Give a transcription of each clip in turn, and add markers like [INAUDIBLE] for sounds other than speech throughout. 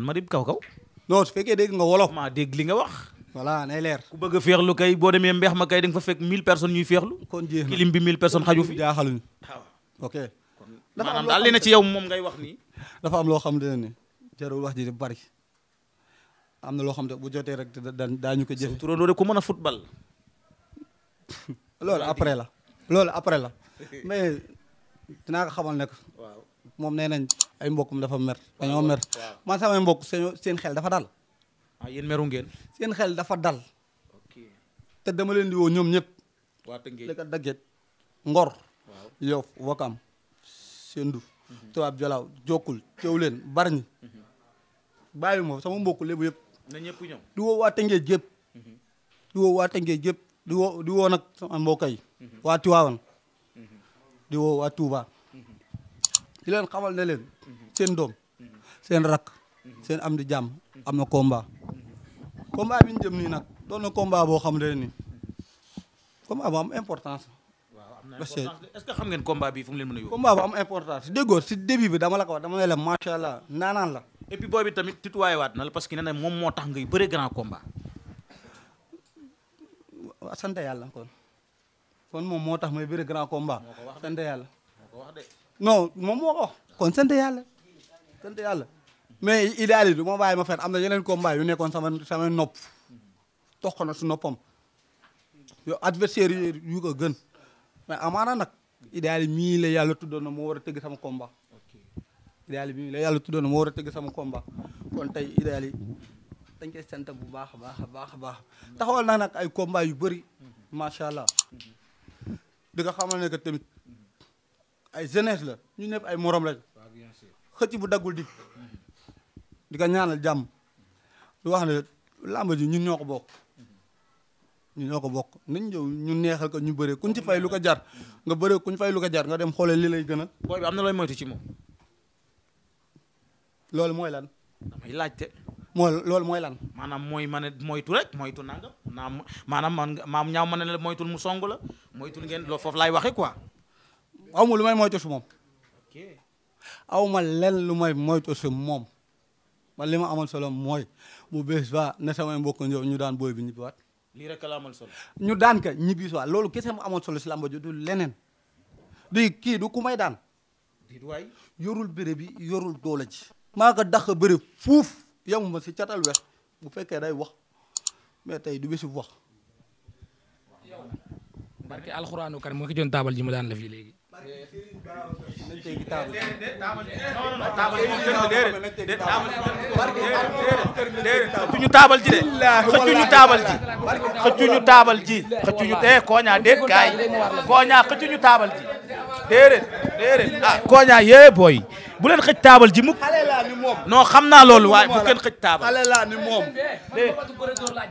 naan ma rib kaw kaw. non fekkee dégg nga wolof. dégg li nga wax. voilà nay leer. ku bëgg a kay boo demee mbeex ma kay da nga fa fekk 1000 personnes ñuy féexlu. kon jéem a kilim bi 1000 personnes xaju fi jaaxaluñu. waaw ok. [LAUGHS] dafa am loo xam ne maanaam na ci yow ne ne jarul wax ji di bari am na loo xam ne bu jotee rek daañu ko jëf. turandoo de ku mën a football. [LAUGHS] loolu après la. loolu après la [LAUGHS] mais dinaa ko xamal ne moom nee ay mbokkum dafa mer dañoo mer man samay mbokk seen seen xel dafa dal ah yéen meru ngeen seen xel dafa dal te dama leen di woo ñoom ñëpp waa Tëngéej li ko dagget Ngor Yoff Wakam Sendou mhm. Tubaab Jalaaw Jokkul Cëwleen Bargny mhm. bàyyi ma sama mbokk lébu yëpp na ñëpp ñëw di woo waa Tëngéej gépp mhm. di woo waa Tëngéej gépp di woo di woo nag sama mbokk yi waa Tiwaawan di woo waa Touba di leen xamal ne leen seen doom seen rakk seen am di jàmm am na combat komba bi ñu jëm nii nag doon na combat boo xam ne nii combat bu am importance. parce que est-ce que xam ngeen combat bi fu mu leen mën a am importance déggoo si début dama la ko wax dama ne la macha allah naanaan la. et puis booy bi tamit tituwaay waat na la parce que nee na moom moo tax ngay bëre grand combat. waaw sant yàlla kon moom moo tax may bëre grand combat. ko kon sant yàlla sant yàlla mais idéal yi du ma bàyyi ma fen am na yeneen combat yu nekkoon sama samay nopp toq na su noppam yow adversaire yi yu ko gën mais amaana nag idéal yi mii la yàlla tuddoon na moo war a tëgg sama combat idéal bi la yàlla tuddoon moo war a tëgg sama combat kon tey idéal yi dañ koy sant bu baax a baax a baax a baax taxawal naa nag ay combat yu bëri macha allah di nga xamal ne que tamit ay jeunesse la ñu ñëpp ay morom lañ xëcc bu daggul dik di ko ñaanal jàmm lu wax ne làmb ji ñun ñoo ko bokk ñu ñoo ko bokk nañ ñëw ñu neexal ko ñu bëree kuñ ci fay lu ko jar nga bëree kuñ fay lu ko jar nga dem xoolee li lay gënal. booy bi am na looy moytu ci moom. loolu mooy lan. damay laajte. mooy loolu mooy lan. maanaam mooy ma ne moytu rek moytu nangam naam maanaam man maam ñaaw ma ne la moytul mu song la moytul ngeen loolu foofu laay waxee quoi. amul lu may moytu su aw ma lenn lu may moytu si moom man li ma amal solo mooy bu bees ba ne samay mbokk ñëw ñu daan booy bi ñibbiwaat. lii rek solo. ñu daan ka ñibbi si waat loolu kese mu amal solo si làmba ji du leneen di kii du ku may daan. di yorul bëre bi yorul doole ji. maa ko dàq bëre fuuf yemuma si catal wex bu fekkee day wax mais tey du bési wax. barke alxuraanu kan moo ki joon taabal ma daan la fii léegi. nañ tey taabal xëccuñu taabal ji de xëccuñu taabal ji xëccuñu taabal ji eh, taabal ah. yee booy bu leen xëj taabal ji mukk. xale laa ni moom. non xam naa loolu waaye bu kenn xëj taabal. xale laa ni moom. Eh, dégg nga bu leen taabal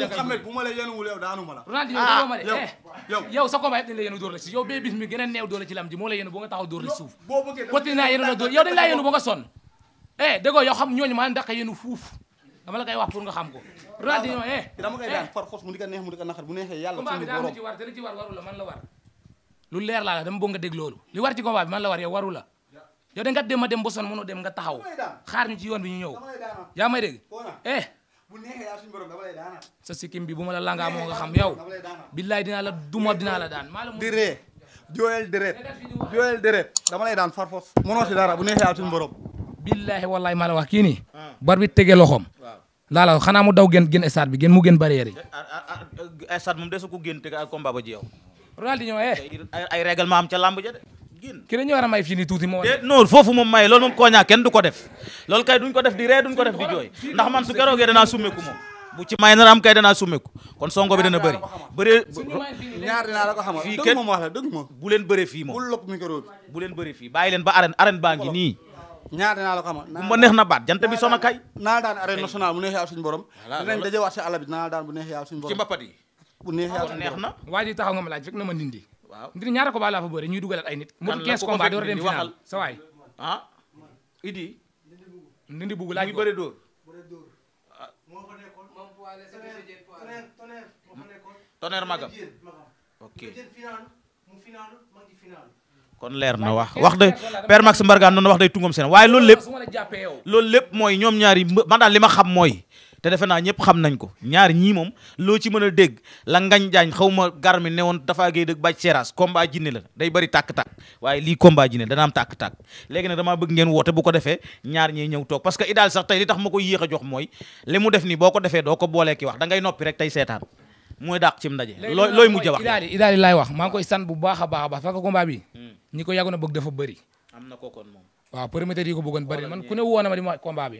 ji bu ma la yéenuwul yow daanu ma la. ah eh, yow yow sa combat yëpp dañ la yéenu dóor la si yow bee bis mi gën a neew dóor la ci lam ji moo la yéenu boo nga taxaw dóor la suuf. boo bëggee côté naa yéenu la dóor yow dañ laa yéenu ba nga sonn. eh déggoo yow xam ñooñu maa ndax yéenu fuuf dama la koy wax pour nga xam ko. Ronaldinho ah, eh dama koy daan par eh. force mu di ko neex mu di ko naqar bu neexee yàlla suñu borom combat bi daa ci war dana ci war warul la man la war lu leer laa la dama bëgg nga dégg loolu li war ci combat bi man la war yow waru la yow da nga dem ma dem ba sonn mënoo dem nga taxaw xaar ñu ci yoon bi ñu ñëw yaa may dégg eh sa sikkim bi bu ma la langaa moo nga xam yow billaay dina la duma dinaa la daan maa di ree jooyal daan farfos mënoo si dara bu neexee yàlla suñu borom billahi wallahi maa la wax kii nii ah. bar tege loxoom laa la xanaa mu daw gën gën stade bi gën mu gën barrière yi eh, ah, ah, stade moom desu ko gën Ronaldinho eh. ay règlement am ca làmb ja de. ki dañu war a may fii nii tuuti foofu moom may loolu moom kooñaa kenn du ko def loolu kay duñ ko def di ree duñ ko def di jooy ndax man su keroogee danaa summeeku moom bu ci may nar kay danaa summeeku kon songo bi dana bëri bëree fii kenn wax la ma bu leen bëree fii moom bu leen bëree fii bàyyi leen ba arène arène nii ñaar dinaa na baat jant bi sona kay naa daan arène nationale bu neex yàlla borom dinañ dajewaat si àll bi naa daan bu neex yàlla suñu borom bu neex na waa ji taxaw nga ma laaj fekk na ma ndindi ndindi ñaara ko ba laa fa bëre ñuy dugalaat ay nit mu 15 combat door dem final sa waay ah idi ndindi bugu laaj ko bëre dóor magam ma ngi final kon leer na wax wax de Père Max Mbargane noonu wax day waaye loolu lépp loolu lépp mooy ñoom ñaari man daal te defe naa ñëpp xam nañ ko ñaar ñii loo ci mën a dégg la ngañ jaañ xaw ma ne woon dafaa géey dëgg bàcc seeraas combat la day bëri tàkk-tàkk waaye lii combat jinne dana am tàkk-tàkk nag damaa bëgg ngeen woote bu ko defee ñaar ñiy ñëw toog parce que idaal sax tey li tax ma ko yéex a jox mooy li mu def nii boo ko defee doo ko boolee ki wax da noppi rek tey seetaan mooy dàq cim ndaje looy looy mujj wax idaali idaali wax maa koy sant bu a baax a baax hmm.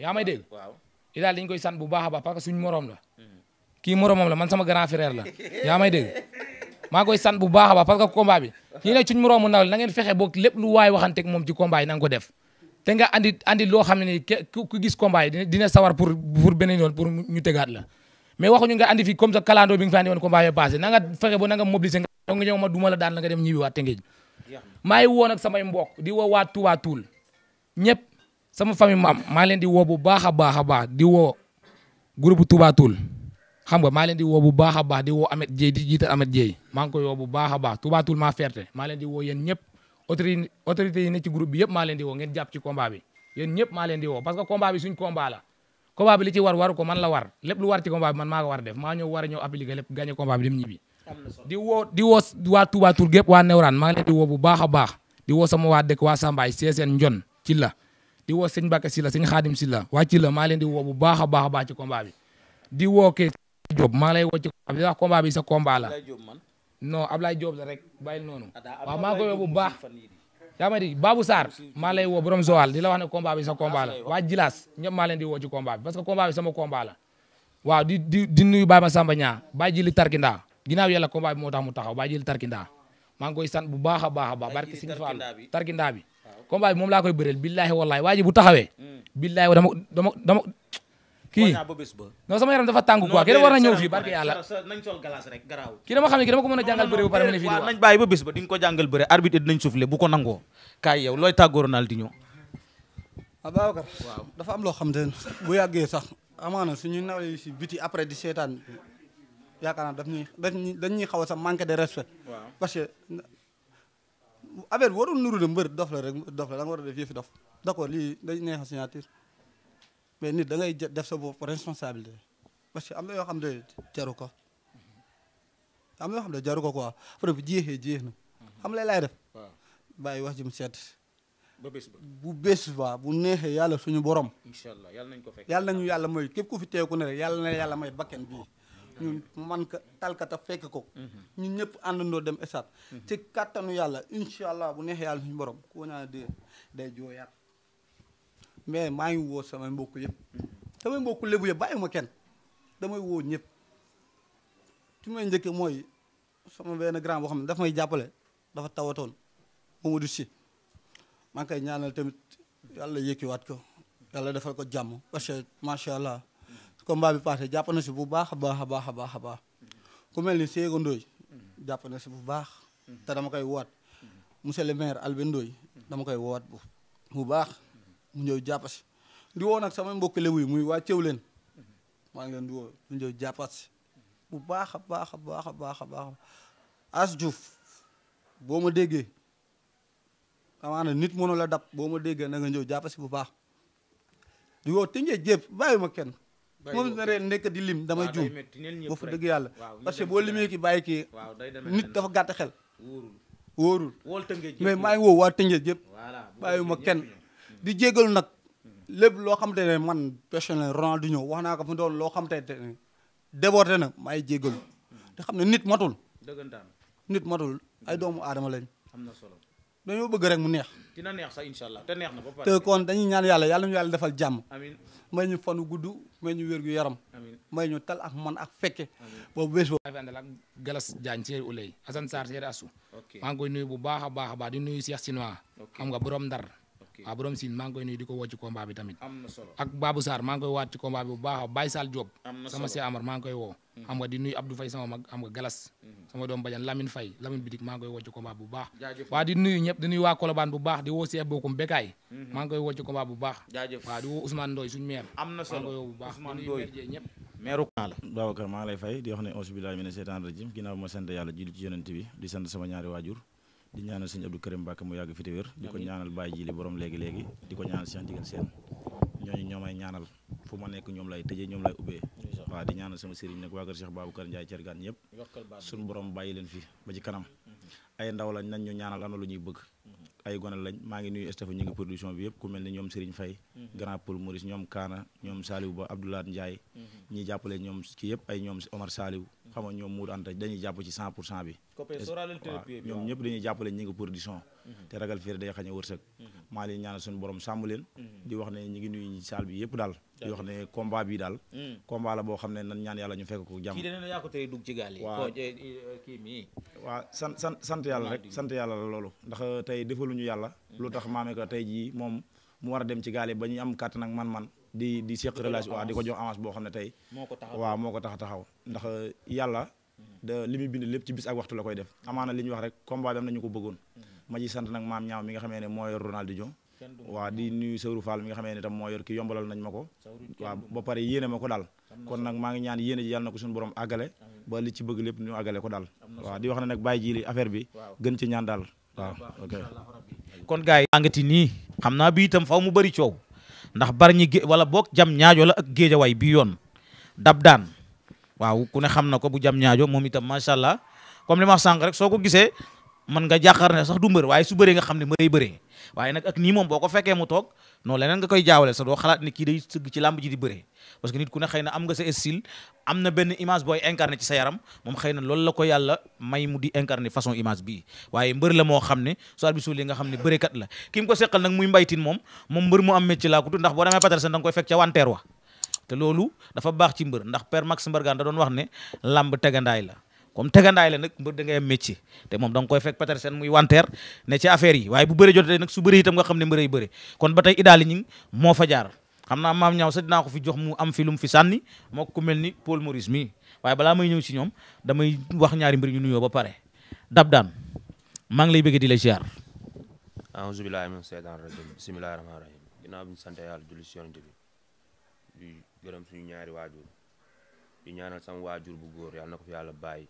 a li daal dañ koy sant bu baax a baax parce morom la kii moromam la man sama grand frère la yaa may maa koy san bu baax a baax parce que combat bi kii nag suñu moroomu ndaw la na ngeen fexe boog lépp lu waay waxanteeg moom ci combat yi na ko def te nga andi loo xam ne ni ku gis combat dina sawar pour pour beneen yoon pour ñu tegaat la mais waxuñu nga andi fi comme ça calendrier bi nga fi andi woon combat yi passé na nga fexe ba na nga mobiliser nga ñëw ma duma la daan la nga dem ñibbi waat te ngeej samay mbokk di woo waa Touba Toul ñëpp sama famille maam maa leen di woo bu baax baax baax di woo groupe Touba Toul xam nga maa leen di woo bu a baax di woo Amet Dieye di jiital Amet Dieye maa ngi koy woo bu baax a baax Touba Toul maa ferte maa leen di woo yen ñëpp autorité autorité yi ne ci groupe bi yëpp maa leen di woo ngeen jàpp ci combat bi yéen ñëpp maa leen di woo parce que combat bi suñ combat li ci war waru ko man la war lépp lu war ci combat bi man maa war def maa ñëw war a ñëw appliquer lépp gagné combat dem ñibbi di woo waa Touba Toul gépp waa Newraan maa leen di bu baax baax di woo sama waa dëkk waa Sambaay Seeseen Njon ci la di woo sëñ Mbacke Sylla sëñ Xaadim Sylla waa ci la maa leen di woo bu baax a baax a baax ci combat bi di woo ke Diop maa lay woo ci combat bi di wax combat bi sa combat la non Ablaye Diop la rek bàyyil noonu waaw maa koy woo bu baax yaa ma di Babou Sarr maa lay woo borom Joal di la wax ne combat bi sa combat la waa Jilas ñëpp maa leen di woo ci combat bi parce que combat bi sama combat la waaw di di di nuyu Baye Massamba Niang Baye Jili Tarkinda ginnaaw yàlla combat bi moo tax mu taxaw Baye Jili Tarkinda maa ngi koy sant bu baax a baax a baax barki Sëñ Fall Tarkinda bi combat bi moom laa koy bëreel billaahi wallaahi waa ji bu taxawee. Hmm. billaahi dama dama dama. kii non sama yaram dafa tàng quoi kii war na ñëw fii barke yàlla nañ sol glace rek garaaw kii dama xam ne kii dama ko mën a jàngal bëre bu pare ne fii waaw nañ bàyyi ba ba di ko jàngal bëre arbitre dinañ soufflé bu ko nangoo kaay yow looy tàggoo Ronaldinho Ababacar waaw dafa am loo xam te bu yàggee sax amaana suñu naw yi si biti après di seetaan yaakaar naa daf ñuy dañ a sax manque de respect parce affaire bi warul nuru ne mbër dof la rek dof war a def yëfi dof d' lii day neex signature mais nit da ngay def sa bopp responsabilité parce que am na yoo xam ne jaru ko am na yoo xam ne jaru ko quoi affaire bi jeexee jeex na xam lay laay def bàyyi wax ji mu seet ba bés ba bu bés ba bu neexee yàlla suñu borom. incha allah yàlla nañ ko fekk yàlla nañu yàlla mooy képp ku fi teeku ne rek yàlla na yàlla may bakken bii. ñun man ka talkata fekk ko ñun ñëpp àndandoo dem esat ci kàttanu yàlla incha allah bu neex yàlla ñu borom ku naa de day jooyaat mais maa ngi woo samay mbokk yëpp samay mbokk lébu yëpp bàyyiwuma kenn damay woo ñëpp ci may njëkke mooy sama benn grand boo xam ne dafa may jàppale dafa tawatoon Mamadou Sy maa ngi koy ñaanal tamit yàlla yëkkiwaat ko yàlla defal ko jàmm parce que macha allah combat bi passé jàpp na si bu baax a baax a baax baax a baax ku mel ni Ségo Ndoye jàpp na si bu baax te dama koy woowaat monsieur le maire Albin Ndoye dama koy woowaat bu bu baax mu ñëw jàpp si di woo nag sama mbokk lewu yi muy waa Cëw leen maa ngi leen di woo mu ñëw bu baax a baax a baax a baax a baax boo ma déggee amaana nit mënu la dab boo ma déggee na nga ñëw jàpp si bu baax di woo tënjee jépp bàyyi ma kenn moom na ree nekk di lim damay juum boo fa dëgg yàlla parce que boo limee ki bàyyi kii nit dafa gàtt xel wóorul mais maa ngi woo waa tëngéej yëpp ma kenn di jégalu nag hmm. lépp loo xam te ne man personnel ñëw wax naa ko mu doon loo xam te ne débordé na maa ngi jégalu hmm. te xam ne nit matul nit matul ay hmm. doomu aadama lañ am na solo dañoo bëgg rek mu neex. dina neex sax incha te neex na ba pare. kon dañuy ñaan yàlla yàlla ñu yàlla defal jàmm. may ñu fanu gudd. may ñu wér gu yaram. may ñu tal ak man ak fekke. boobu bés boobu. maa ngi àndal ak Galas Diagne Seeri Ulay Assane Sarr Seeri Asu. maa ngi koy nuyu bu baax a baax a baax di nuyu Cheikh Sinoa. xam nga borom ndar. waaw borom siin maa ngi koy nuyu di ko woo ci tamit ak Babou Sarr maa ngi koy waat ci bu baax a Baye Sall Diop sama si Amar maa ngi koy woo mhm. xam nga di nuyu Abdou Faye sama Galas mhm. sama doom bajan Lamine Faye Lamine Bidik maa ngi koy woo ci bu baax waa di woo Cheikh Bokum Bekaay mhm. maa ngi koy woo bu baax di woo Ousmane Ndoye suñu maire maa ngi woo bu baax Ousmane Ndoye ñëpp meeru la Babacar maa ngi lay fay di di sama ñaari waajur di ñaanal sëñ Abdou Karim Mbacke mu yàgg fi te wér di ko ñaanal Baye Jili borom léegi léegi di ko ñaanal Cheikh Ndiéguène Sène ñooñu ñoo may ñaanal fu ma nekk ñoom lay tëjee ñoom lay ubbee waaw di ñaanal sama sëriñ nag waa kër Cheikh Babacar Ndiaye Thiergane ñëpp suñu borom bàyyi leen fi ba ci kanam mm-hmm. ay ndaw lañ nañ ñu ñaanal am na lu ñuy bëgg mm-hmm. ay gone lañ maa ngi nuy staff ñu ngi production bi yëpp ku mel ni ñoom Serigne Faye mm-hmm. Grand Paul Maurice ñoom Kaana ñoom Saliou Ba Abdoulaye Ndiaye ñi jàppale ñoom ci yëpp ay ñoom Omar Saliou xam nga ñoom muur anta dañuy jàpp ci cent pour cent bi ñoom ñëpp dañuy jàppale ñi ngi production mhm. te ragal fiir day xañ a wërsëg mhm. maa leen ñaanal suñu borom sàmm leen mhm. di wax ne ñi ngi nuyu saal bi yëpp daal di wax ne combat bi daal combat la boo xam ne nan ñaan yàlla ñu fekk ko jàmm kii sant eh, eh, sant sant yàlla rek sant yàlla la loolu ndax eh, tey defaluñu yàlla lu tax maame ko tey jii moom mu war a dem ci gaal ba ñuy am kàttan man-man di di seq relation di ko jox avance boo xam ne tey waaw moo ko tax a taxaw ndax euh, yàlla mm-hmm. da li bind lépp ci bis ak waxtu la koy def mm-hmm. amaana li ñuy wax rek combat bi am nañu ko bëggoon mm-hmm. ma ci sant nag maam ñaaw mi nga xamee ne moo yor Ronaldinho waaw di nuyu Sawru Fall mi nga xamee ne tam moo yor ki yombalal nañ ma ko waaw ba pare yéene ma ko daal kon nag maa ngi ñaan yéene ji yàlla na ko suñu borom àggale ba li ci bëgg lépp ñu àggale ko daal waaw di wax ne nag bàyyi li affaire naa bi itam faw mu bëri ndax bari ñi gé wala boog jam ñaajo la ak géejawaay bi yoon dab daan waaw ku ne xam na ko bu jam ñaajo moom itam macha allah comme li ma sànq rek soo ko gisee man nga jàqar ne sax du mbër waaye su bëree nga xam ne mbëray bëree waaye nag ak nii moom boo ko fekkee mu toog noonu leneen nga koy jaawale sax doo xalaat ne kii day sëgg ci làmb ji di bëree parce que nit ku ne xëy na am nga sa style am na benn image booy incarné ci sa yaram moom xëy na loolu la ko yàlla may mu di incarné façon image bii waaye mbër la moo xam ne soit bi yi nga xam ne bëreekat la ki mu ko seqal nag muy mbaytin moom moom mbër mu am métier laa ko tudd ndax boo demee patal sa da nga koy fekk ca loolu dafa baax mbër ndax père Max Mbargane da doon wax ne làmb tegandaay la comme tegandaay la nag mbër da ngay am métier te moom da nga koy fekk peut-être seen muy wanteer ne ci affaire yi waaye bu bëri jotee nag su bëri itam nga xam ne mbër yi kon ba tey idaali ñi moo fa jaar xam naa maam ñaaw sax dinaa ko fi jox mu am fi mu fi sànni moo ko mel ni Paul Maurice mii waaye balaa may ñëw ci ñoom damay wax ñaari mbir ñu nuyoo ba pare dab daan maa ngi lay bëgg di la ziar a'uzu billahi min shaytan rajim bismillahir rahmanir rahim ginnaaw sant yàlla julli ci yonent bi di gërëm suñu ñaari waajur di ñaanal sama bu góor yàlla ko fi yàlla bàyyi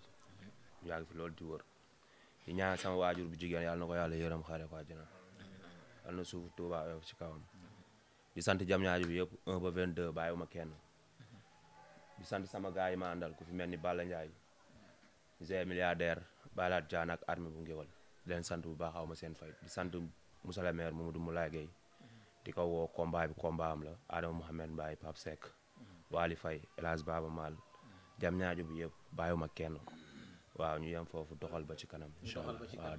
ñu yàgg fi loolu di wër di waajur bu jigéen yàlla na ko yàlla yërëm xaare ko àjjana yàlla na suuf Tuuba oyof ci kawam di sant jam ñaaju bi yëpp 1 ba 22 bàyyiwuma sant sama gaay yi ma ku fi mel ni Balla Ndiaye monsieur milliardaire Balaat Jaan ak armée bu ngéwal leen sant bu baaxaw ma seen fay di sant Moussa le maire Mamadou Moulaye Gueye di ko woo combat bi la Adama Mohamed Mbaye Pape Seck Waly Faye El Hadj Baba Mal jam ñaaju bi yëpp bàyyiwuma kenn waaw ñu yem foofu doxal ba ci kanam incha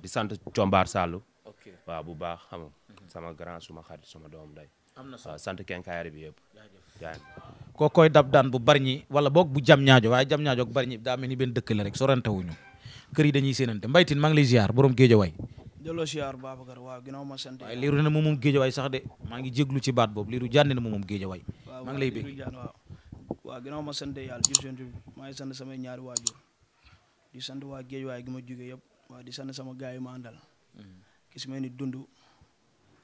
di sant Combaar Sall waaw bu baax xam nga mhm. sama grand suma xarit suma doom day waaw sant kenkaayari bi yëpp jaay koo koy dab daan bu bari ñi wala boog bu jam ñaajo waaye jam ñaajo ak bari ñi daa mel ni benn dëkk la rek sorante wuñu kër yi dañuy séenante mbaytin maa ngi lay ziar borom géejawaay delloo ziar Babacar waaw ginnaaw ma sant waaye liiru ne moom moom géejawaay sax de maa ngi jéglu ci baat boobu liiru jànne na moom moom géejawaay maa ngi lay bég ma sant maa ngi sant samay ñaari waajur di sant waa géej waay gi ma jógee yëpp waa di sant sama gaay yu àndal ki su mel ni dund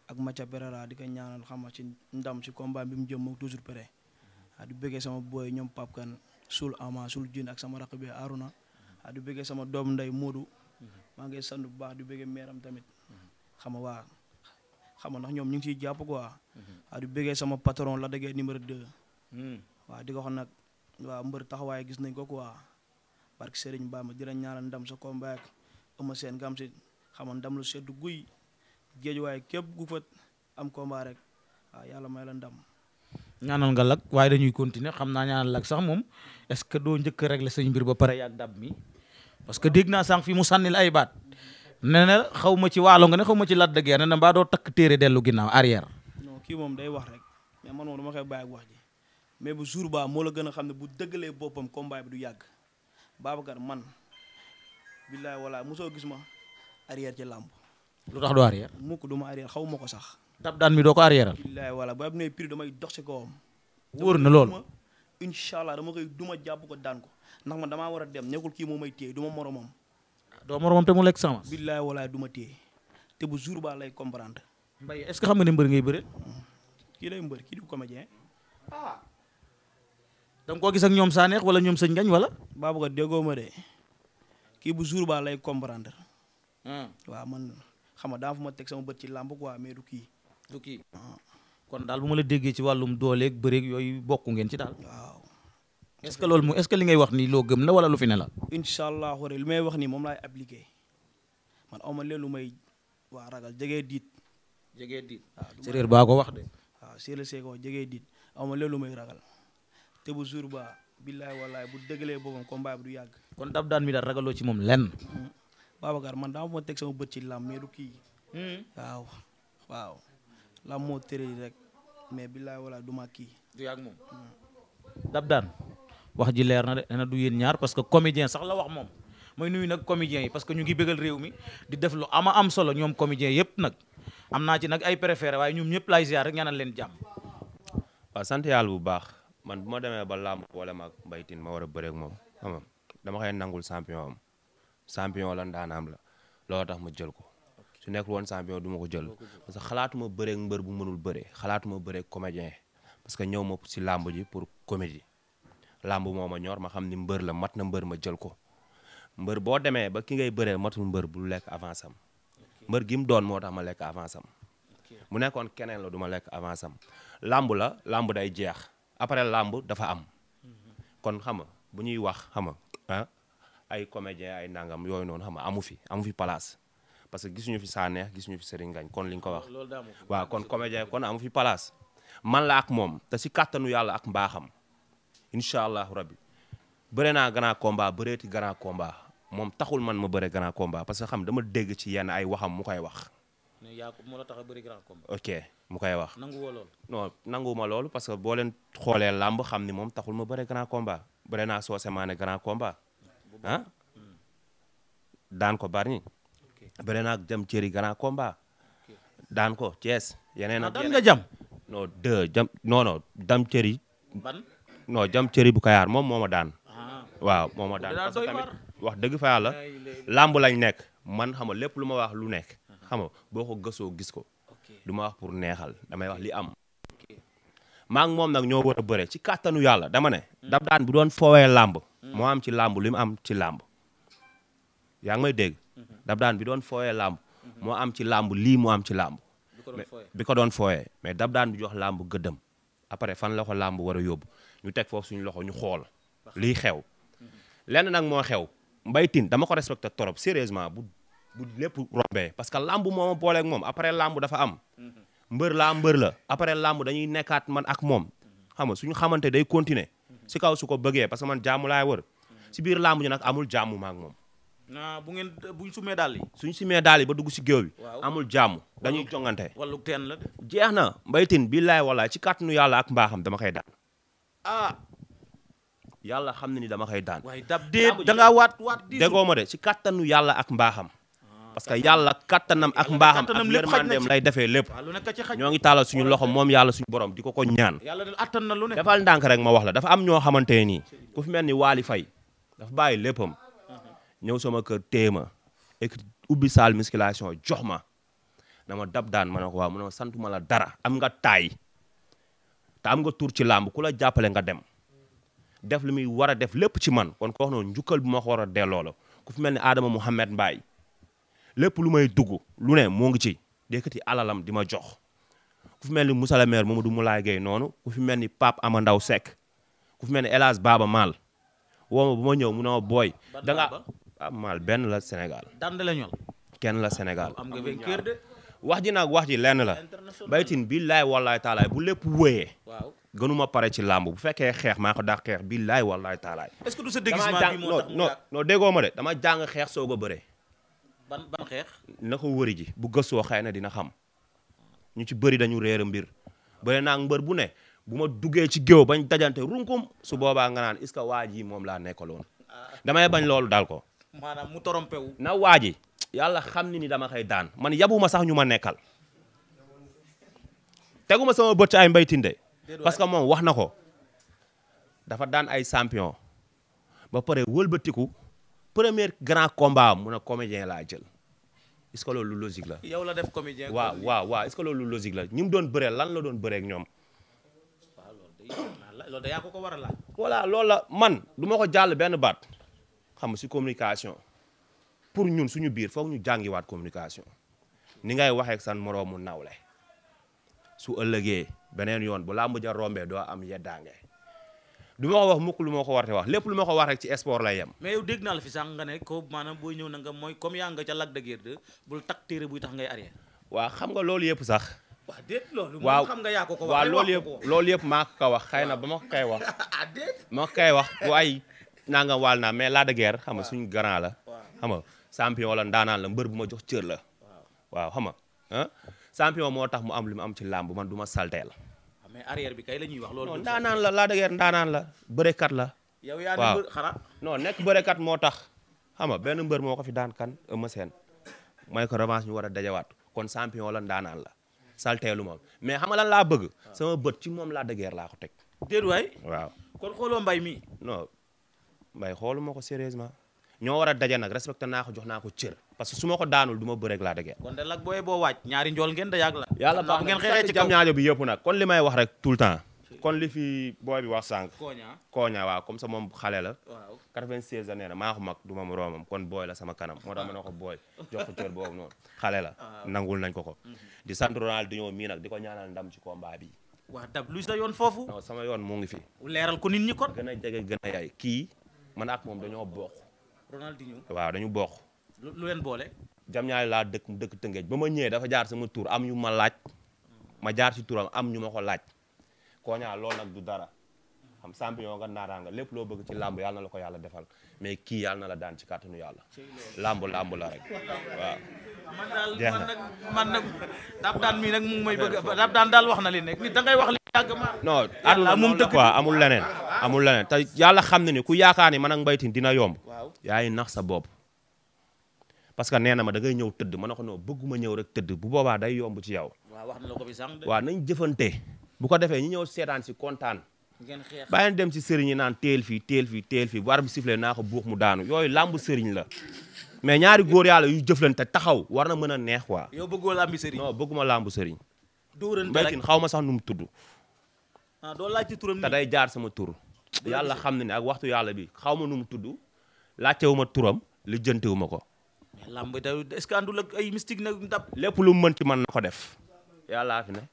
ak Macha Perera di ko ñaanal xam ci ndam ci combat bi mu jëm moom toujours prêt waa di bëggee sama booy ñoom Pape Kane suul ama suul jin ak sama raq bi Aruna waa di bëggee sama doom nday Modou maa ngi sant bu baax di bëggee meeram tamit xam waa xam ndax ñoom ñu ngi ciy jàpp ko waa di bëggee sama patron la dëggee numéro 2 hmm. waa di ko wax nag waa mbër taxawaay gis nañ ko barke Serigne Bamba dina ñaanal ndam sa combat ak Eumeu Sène nga am si xamoon ndam lu seddu guy géej waaye képp gu fa am combat rek waaw yàlla may la ndam. ñaanal nga lak waaye dañuy continuer xam naa ñaanal lak sax moom est doo njëkk a régler sëñ mbir ba pare yàgg dab mi parce que dégg naa sànq fi mu sànnil ay baat nee na xaw ma ci waalo nga ne xaw ma ci ladd guerre nee na mbaa doo takk téere dellu ginnaaw arrière. non kii moom day wax rek mais man moom a Babacar man billaay walaay mosoo gis ma arrière ci làmb lu tax du arrière mukk du ma xaw ma ko sax dab daan mi doo ko arrièreal billaay walaay ba damay dox ci kawam wóor na loolu incha allah dama koy duma jàpp ko daan ko ndax war a dem nekkul kii moo may téye du ma doo moromam te mu lekk sama billaay walaay du ma téye te bu jour ba lay comprendre mbay est-ce que xam nga ne mbër ngay bëre kii lay mbër kii di comédien ah. da nga koo gis ak ñoom Sanex wala ñoom sëñ Ngañ wala. baabu ko déggoo de kii bu jour ba lay comprendre. Hmm. waa man xam nga daa fu ma teg sama bët ci làmb quoi mais du kii. du kii ah. kon daal bu ma la déggee ci wàllum dooleeg bëreeg yooyu bokku ngeen ci daal. waaw est-ce que loolu mu est-ce li ngay wax nii loo gëm la wala lu fi ne la. incha allah lu may wax nii moom laay appliqué man aw ma leen lu may waa ragal diit. jege diit séeréer wax de. waaw séeréer jege diit aw ma leen lu may ragal. te bu jour ba billaay wallaay bu dëggalee boppam combat bi du yàgg. kon dab daan mi daal ragaloo ci moom lenn. Hmm. Babacar man dama moo teg sama bët ci lam mais du kii. Hmm. waaw waaw lam moo tëre rek mais billaay wallaay du ma kii. du yàgg moom. Hmm. dab daan wax ji leer na de dana du yéen ñaar parce que comédien sax la wax moom. mooy nuyu nag comédiens yi parce que ñu ngi bëggal réew mi di def lu ama am solo ñoom comédiens yëpp nag am naa ci nag ay préféré waaye ñoom ñëpp laay ziar rek leen jàmm. man bu ma demee ba làmb wala mag Mbaye ma war a bëre ak moom xam nga dama koy nangul champion am champion la ndaanaam la looloo tax ma jël ko su nekk woon champion duma ko jël parce que xalaatuma bëre ak mbër bu mënul bëre xalaatuma bëre ak comédien parce que ñëw ma si làmb ji pour comédie làmb moom ma ñor ma xam ni mbër la mat na mbër ma jël ko mbër boo demee ba ki ngay bëree matul mbër bu lekk avance am mbër gi mu doon moo tax ma lekk avance am mu nekkoon keneen la du ma lekk avance am làmb la làmb day jeex après làmb dafa am. Mm-hmm. kon xam nga bu ñuy wax xam nga ah ay comédien ay nangam yooyu noonu xam nga amu fi amu fi place parce que gisuñu fi Sanex gisuñu fi Serigne Ngagne kon li nga ko wax. waaw kon comédien kon amu fi place. man la ak moom te si kàttanu yàlla ak mbaaxam incha allahu rabbi bëre naa grand combat bëreeti grand combat moom taxul man ma bëre grand combat parce que xam dama dégg ci yenn ay waxam mu koy wax. mu koy wax. nanguwoo loolu non nanguwuma loolu parce que boo leen xoolee làmb xam ni moom taxul ma bëre grand combat bëre naa soose maane grand combat ah hmm. daan ko bari bëre yeneen ak yeneen nga jam. non deux jam non non jam cëri bu kayaar moom moo ma daan. Ah. waaw moo ma daan parce que tamit wax dëgg fa yàlla làmb lañ nekk man xam nga lépp lu ma wax lu nekk xam nga boo ko gësoo gis ko. du ma wax pour neexal damay wax li am. maa ngi moom nag ñoo war a bëre ci kàttanu yàlla dama ne. dab daan bu doon foowee làmb. moo am ci làmb li mu am ci làmb. yaa ngi may dégg. dab daan bi doon foowee làmb. moo am ci làmb lii mu am ci làmb. bi ko doon foowee mais dab daan bi jox làmb gëddëm. après fan la làmb war a yóbbu ñu teg foofu suñu loxo ñu xool. lii xew lenn nag moo xew. Mbaye Tine dama ko respecté trop sérieusement bu lépp rombee parce que lamb mooma booleeg moom après lamb dafa am mbër laa mbër la après lamb dañuy nekkaat man ak moom xam nga suñu xamante day continuer si kaw su ko bëggee parce que man jaamu laay wër si biir lamb ñu nag amul jaamu maak moom ah bu ngeen buñ sumee daal yi suñ sumee daal yi ba dugg si géew bi amul jaamu dañuy jongante wàllu teen la jeex na mbaytin bi laay walaay ci kàttanu yàlla ak mbaaxam dama koy daan ah xam na dama koy daan waaye dab dee waat waat ma de si kàttanu yàlla ak mbaaxam parce que yàlla kattanam ak mbaaxam ak yërmandeem lay defee lépp ñoo ngi taalal suñu loxo moom yàlla suñu borom di ko ko ñaan defal ndànk rek ma wax la dafa am ñoo xamante nii ku fi mel ni Waly fay dafa bàyyi léppam ñëw sama kër téema ubbi salle musculation jox ma na ma dab daan ma ne ko waaw mu ne ma sant ma la dara am nga taay te am nga tur ci làmb ku la jàppale nga dem def li muy war a def lépp ci man kon ko wax noonu njukkal bi ma ko war a delloo ku fi mel ni Adama Mouhamed Mbaye lépp lu may dugg lu ne moo ngi ci yëkkati alalam di ma jox ku fi mel ni Moussa le maire Mamadou Moulaye Gueye noonu ku fi mel ni pap Pape ndaw Seck ku fi mel ni El baaba Baba Maal woo bu ma ñëw mu ne ma booy. da nga ah Maal benn la senegal dand la kenn la senegal am nga wax ji nag wax ji lenn la. baytin billaay wallaay taalaay bu lépp wëyee. waaw gënuma pare ci làmb bu fekkee xeex maa ko xeex billaay wallaay taalaay. est-ce que de dama jàng xeex soog a bëre. ban ban xeex. na ko wëri ji bu gëstoo xëy na dina xam ñu ci bëri dañu réer mbir bëri naa mbër bu ne bu ma duggee ci géew bañ dajante runkum su boobaa nga naan est-ce que waa ji moom laa nekkaloon damay bañ loolu daal ko. maanaam mu trompé wu. na waa ji yàlla xam ni ni dama koy daan man ma sax ñu ma nekkal tegu ma sama bët ci ay mbaytinde parce que moom wax na ko dafa daan ay champion ba pare wëlbatiku. premier grand combat am mu ne comédien laa jël est la. yow la def comédien. waaw la ñu mu doon bëree lan la doon bëree ñoom. ko war a laaj. voilà loolu man du ko jàll benn baat xam si communication pour ñun suñu biir foog ñu jàngiwaat communication ni ngay waxee ak san moroomu nawle su ëllëgee beneen yoon bu làmb ja rombee doo am yeddaange. du ma ko wax mukk lu ma ko war te wax lépp lu ma ko wax rek ci sport lay yem mais yow dégg naa la fi sax nga ne ko maanaam booy ñëw na nga mooy comme nga ca Lac de nga loolu yëpp sax waaw xam nga yaa ko ko wax waaw loolu yëpp loolu yëpp maa ko wax xëy na ba ma ko koy wax [LAUGHS] ah, ma ko koy wax waaye naa nga waal naa mais Lac de Guiers xam nga suñu grand la xam nga champion la ndaanaan la mbër bu ma jox cër la waaw xam nga ah, champion moo tax mu am li mu am ci làmb man duma salte la mais arrière bi kay la ñuy wax loolu. ndaanaan la Lac de Guiers ndaanaan la bërekat la. yow yaa ne mbër xanaa nekk bërekat moo tax. xam nga benn mbër moo ko fi daan kan Eumeu Sène mooy ko revanche ñu war a dajawaat kon champion la ndaanaan la. lu moom mais xam nga lan laa bëgg. Ah. sama bët ci moom Lac de Guiers laa ko teg. déedwaay waaw kon xooloo mbay mi. no mbay xooluma ko sérieusement. ñoo war a daje nag jox naa ko cër parce que su ko daanul du ma bëreeg laa ñaari njool ngeen da yàgg la yàlla baax ngeen xeexee ci kaw ñaajo bi yëpp kooña waaw comme ça moom xale la 96 ans nee na maa ko mag du ma moroomam kon booy la sama kanam moo tax ma ne ko booy jox ko cër boobu noonu xale la ah, ko ko mhm. di di ko ñaanal sa yoon foofu sama yoon mu ngi fi leeral ko nit ñi kon a jege gën a yaay Ronaldinho waaw dañu bokk. lu leen boole. jam ñaari laa dëkk mu dëkk Tëngéej ba ma ñëwee dafa jaar sama tur am ñu ma laaj. ma jaar si turam am ñu ma ko laaj. Koña lool nag du dara. xam champion nga naataanga lépp loo bëgg ci làmb yàlla na la ko yàlla defal mais kii yàlla na la daan ci kàttanu yàlla. làmb làmb la rek waaw. man daal man nag man nag daab daan mii nag mu may bëgg daab daal wax na li nekk nit da ngay wax li yàgg ma. non àdduna moom la amul leneen. amul leneen te yàlla xam na ni ku yaakaar ni man ak mbaytin dina yomb. waaw yaa ngi nax sa bopp. parce que nee na ma da ngay ñëw tëdd ma ne ko non bëgguma ñëw rek tëdd bu boobaa day yomb ci yow. waaw wax na la ko nañ jëfante. bu ko defee ñi ñëw seetaan si kontaan. ngeen dem si sëriñ naan teel fii teel fii teel fii bu war bi naa ko buux mu daanu yooyu làmb sëriñ la. mais ñaari góor yàlla yu jëflante taxaw war na mën a neex waa. yow bëggoo làmb sëriñ. non bëgguma làmb sëriñ. dóorante xaw ma sax nu mu tudd. ah doo laaj day jaar sama tur. yàlla xam na ne ak waxtu yàlla bi xaw ma nu mu tudd laajtewu ma turam li jëntewu ma ko. mais da est-ce que àndul ak ay lépp lu mu mën ci man na ko def. yàlla fi ne. waaw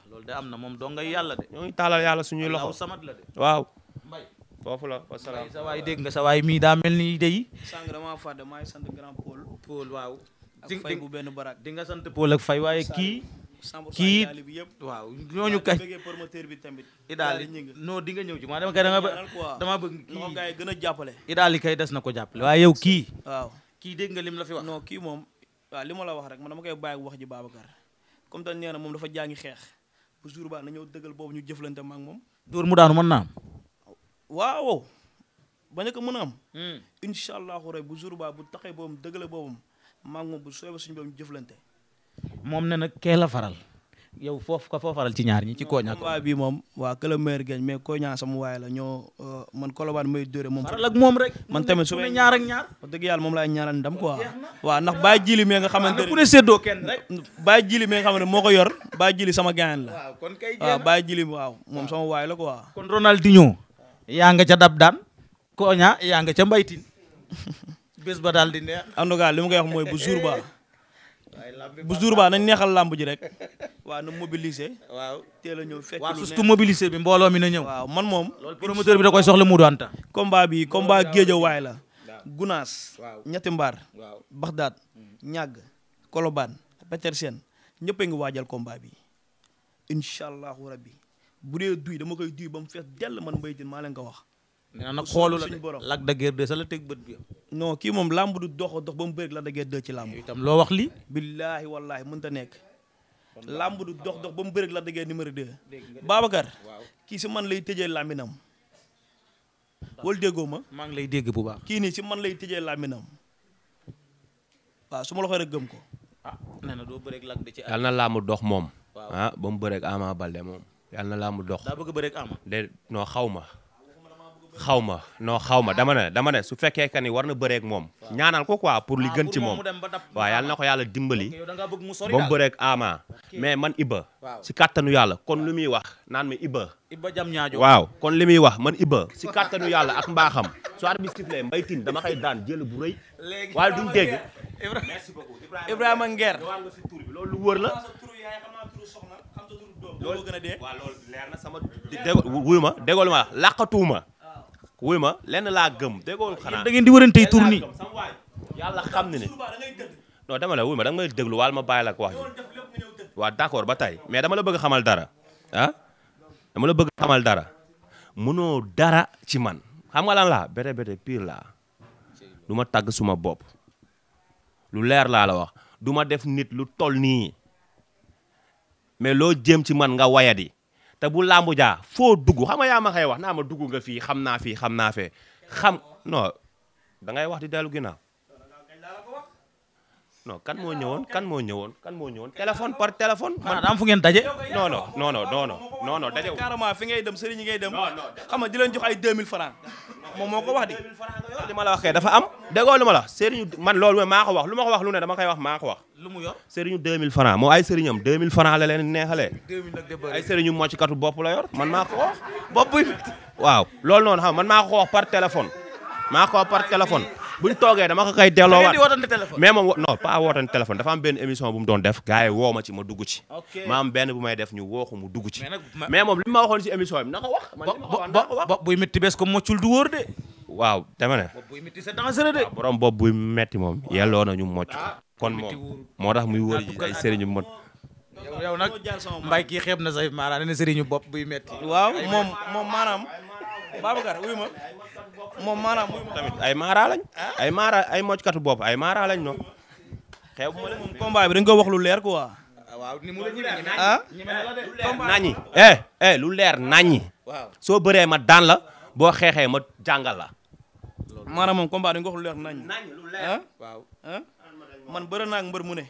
ah, loolu de am na moom dong ngay yàlla de. ñoo ngi taalal yàlla suñuy loxo samat la de. waaw. mbay foofu la wasalaam. sa waay dégg nga sa waay mii daa mel ni day. sànq ma fàtte maa ngi grand Paul. ak fay waaye kii. kii waaw ñooñu kañ idaali non di nga ñëw ci maa dama kay dama dama bëgg kii gars yi gën a jàppale idaali kay des na ko jàppale waaye yow kii waaw kii dégg nga lim la fi wax non kii moom waaw li ma la wax rek man dama koy bàyyi wax ji Babacar comme te nee na moom dafa jàngi xeex bu jour ba na ñëw dëggal boobu ñu jëflante ma ak moom dóor mu daanu mën naa am waaw bañ ko mën a am hmm. incha allahu rek bu jour bu taxee boobu dëggale boobum ma ak moom bu soobee suñu boobu ñu jëflante moom ne nag kee la faral yow foofu ka foo faral ci ñaar ñi ci Koña. combat bi moom waa que le meilleur gagne mais Koña sama waay la ñoo euh, man Colobane may dóore moom. faral ak moom rek man tamit su ma ñaar ak dëgg yàlla moom laay ñaaraan ndam quoi. waaw ndax Baye Jili mee nga xamante ne ku ne séddoo kenn rek. Baye moo ko yor Baye Jili sama gaañ la. waaw kon kay waaw Baye Jili waaw moom sama waay la quoi. kon Ronaldinho yaa nga ca dab daan Koña ya nga ca mbaytin [LAUGHS] bés ba daal di neex. en li ma koy wax mooy bu jour ba bu jour ba nañ neexal làmb ji rek waaw nu mobiliser te teel a ñëw fekk waaw bi mbooloo mi na ñëw waaw man moom promoteur bi da koy soxla mu doon ta combat bi kombaa combat géejawaay la gunaas ñetti mbaar baxdaad ñàgg mm-hmm. kolobaan petersen ñëpp a ngi waajal combat bi incha allahu rabbi bu dee duy dama koy duy ba mu fees dell man Mbaye Tine maa leen ko wax nee na xoolu la Lac de sa la teg bët bi non kii moom làmb du dox dox ba mu bëri la de Guiers 2 ci làmb loo wax li billaahi wallaahi mënta nekk làmb du dox dox ba mu bëri Lac de Guiers numéro 2 Babacar kii si man lay tëjee làmbinam ma maa ngi lay dégg bu baax kii nii si man lay tëjee làmbinam waaw su ma la xoolee rek gëm ko ah na doo bëreeg Lac làmb dox moom ah, ba mu bëreeg Ama Baldé moom yàlla na làmb dox daa bëgg bëreeg Ama de non xaw ma xaw ma non xaw ma dama ne dama ne su fekkee que ni war na bëreeg moom ñaanal ko quoi pour li ah, gën ci moom waaw yàlla na ko yàlla dimbali ba mu bëreeg Ama mais man Iba si kàttanu yàlla kon lu muy wax naan ma Iba Iba jam kon li muy wax man Iba si kàttanu yàlla ak mbaaxam su arbitre bi sifflé Mbaye Tine dama koy daan jël bu rëy waaye duñ dégg Ibrahima Nguer loolu lu a dee waaw ma déggolu wuy ma lenn laa gëm te déggoo xanaa da ngeen di wërantey tur nii yàlla xam ne ne non dama la wuy ma da nga may déglu waal ma bàyyi la ko wax waaw d'accord ba tey mais dama la bëgg xamal dara ah dama la bëgg xamal dara mënoo dara ci man xam nga lan laa bete bete pire laa du ma tàgg suma bopp lu leer laa la wax du ma def nit lu tol nii mais loo jéem ci man nga wayadi te bu làmbu jaa foo dugg xam nga yaa ma xëy wax naa ma dugg nga fii xam naa fii xam naa fee xam non da ngay wax di dellu na non kan moo ñëwoon kan moo ñëwoon kan moo ñëwoon téléphone par téléphone. Ah, man am fu ngeen daje. non non non non non non non daje carrément fi ngay dem sëriñ ay 2000 francs moom moo ko wax ma la waxee dafa am. déggoo man loolu mooy ko wax lu ma ko wax lu dama koy wax maa ko wax. lu mu yor sëriñu 2000 francs moo ay sëriñam 2000 francs bopp la yor man maa ko wax bopp bi. waaw loolu noonu xam man maa ko wax par téléphone. maa ko par téléphone. buñ toogee dama ko koy delloowaat mais moom non pas wootante téléphone dafa am benn émission bu mu doon def gars yi ci ma dugg ci benn bu may def ñu wooxu mu dugg ci moom li ma waxoon ci émission bi na ko wax bopp buy métti bés ko moccul du wóor de waaw dama ne borom bopp buy metti moom yelloo na ñu mocc kon moom moo tax muy wër ji ay sëriñu mot yow nag mbay kii xeeb na say maanaam ne sëriñu bopp buy metti waaw moom moom maanaam moom maanaam mooy [LAUGHS] tamit ay maara ay maara ay ay maara lañ noonu. moom combat bi dañ ko wax lu leer quoi. waaw ni ah? eh, eh, lu leer nañi. waaw soo bëree ma daan la boo xeexee ma jàngal la. maanaam moom komba dañ ko wax lu leer nañi. Ah? ah man bëri naa ak mbër mu ne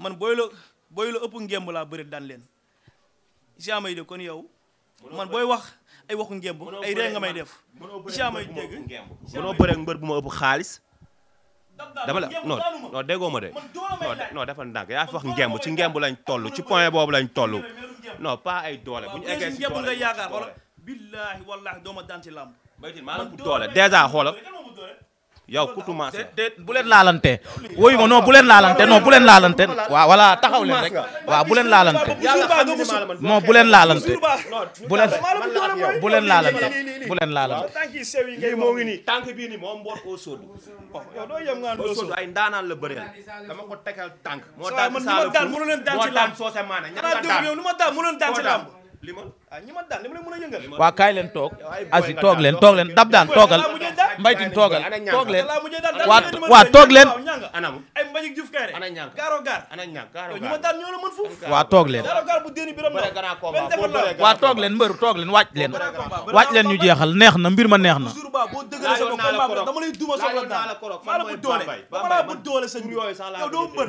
man booy la booy la ëpp ngemb laa bëri daan leen. si amay de kon yow man booy wax. ay waxu ngemb ay ree nga may def. mënoo may dégg mënoo bëreeg mbër bu moo bu xaalis. dama la non non ma de. non dafa ndànk yaa fi wax ngemb ci ngemb lañ toll ci point boobu lañ toll. non pas ay doole bu ñu eggee si doole yaakaar wala billaahi daan ci làmb. baytin maa la doole dèjà xoola yow ku bu leen laalante woyu ma non bu leen laalante non bu leen laalante waa voilà taxaw leen rek waaw bu leen laalante non bu laalante bu leen bu leen laalante bu leen laalante lii moo ngi nii tànk bii nii moo mboot au sóodu au sóodu ay ndaanaan la bëreel dama ko tegal tànk moo daan saala moo daan soose maana ñan nga Ah, waa kaay leen toog asi toog leen toog leen dab daan toogal mbaytin toogal toog leen waa waa toog leen waa toog leen waa toog leen mbëru toog leen wàcc leen wàcc leen ñu jeexal neex na mbir ma neex na